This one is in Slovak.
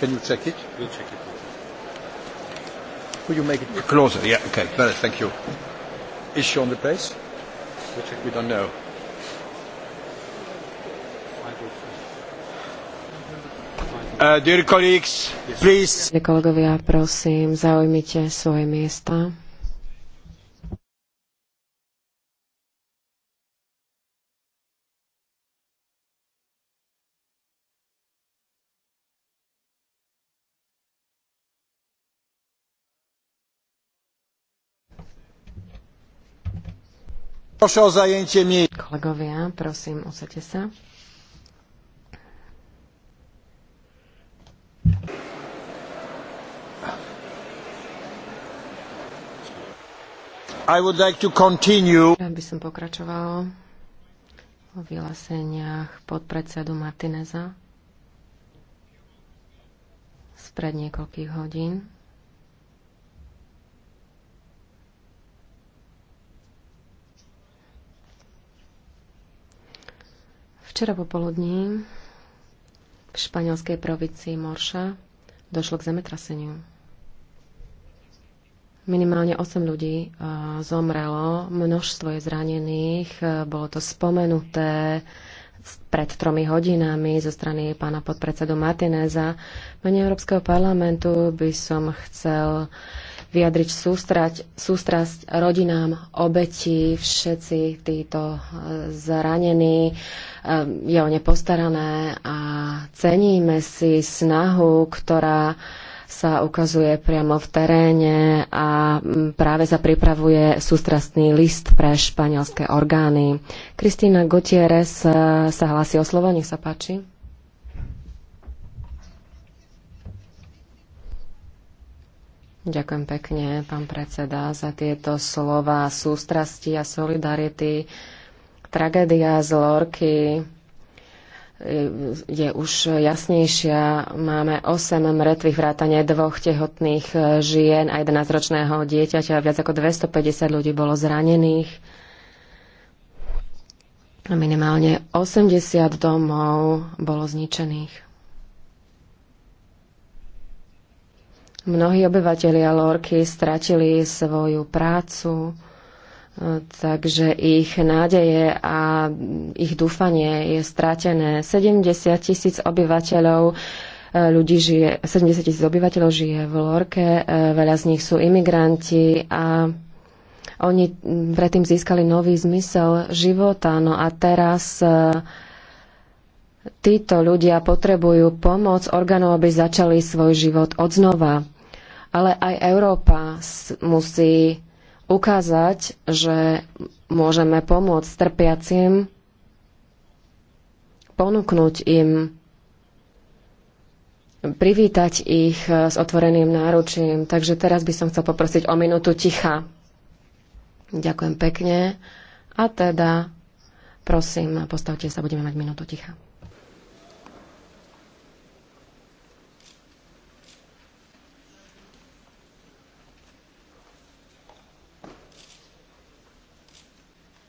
Can you check it? We'll check it. Will you make it closer? Yeah, okay. Better, thank you. Is she on the place? We, check. we don't know. Uh, dear colleagues, please. Kolegovia, prosím, zaujmite svoje miesta. Kolegovia, prosím, usadte sa. I would like to continue. Rád by som pokračoval o vyhláseniach podpredsedu Martineza spred niekoľkých hodín. Včera popoludní v španielskej provincii Morša došlo k zemetraseniu. Minimálne 8 ľudí e, zomrelo, množstvo je zranených, e, bolo to spomenuté pred tromi hodinami zo strany pána podpredsedu Martineza. Mene Európskeho parlamentu by som chcel vyjadriť sústrať, sústrasť rodinám obetí, všetci títo e, zranení. E, je o ne postarané a ceníme si snahu, ktorá sa ukazuje priamo v teréne a mm, práve sa pripravuje sústrastný list pre španielské orgány. Kristýna Gutierrez e, sa hlási o slovo, nech sa páči. Ďakujem pekne, pán predseda, za tieto slova sústrasti a solidarity. Tragédia z Lorky E, je už jasnejšia. Máme 8 mŕtvych vrátane dvoch tehotných e, žien a 11-ročného dieťaťa. Viac ako 250 ľudí bolo zranených. A minimálne 80 domov bolo zničených. Mnohí obyvatelia Lorky stratili svoju prácu, Takže ich nádeje a ich dúfanie je stratené. 70 tisíc obyvateľov e, ľudí žije, 70 tisíc obyvateľov žije v Lorke, e, veľa z nich sú imigranti a oni predtým získali nový zmysel života. No a teraz e, títo ľudia potrebujú pomoc orgánov, aby začali svoj život odznova. Ale aj Európa musí ukázať, že môžeme pomôcť trpiacim, ponúknuť im, privítať ich s otvoreným náručím. Takže teraz by som chcel poprosiť o minútu ticha. Ďakujem pekne. A teda, prosím, postavte sa, budeme mať minútu ticha.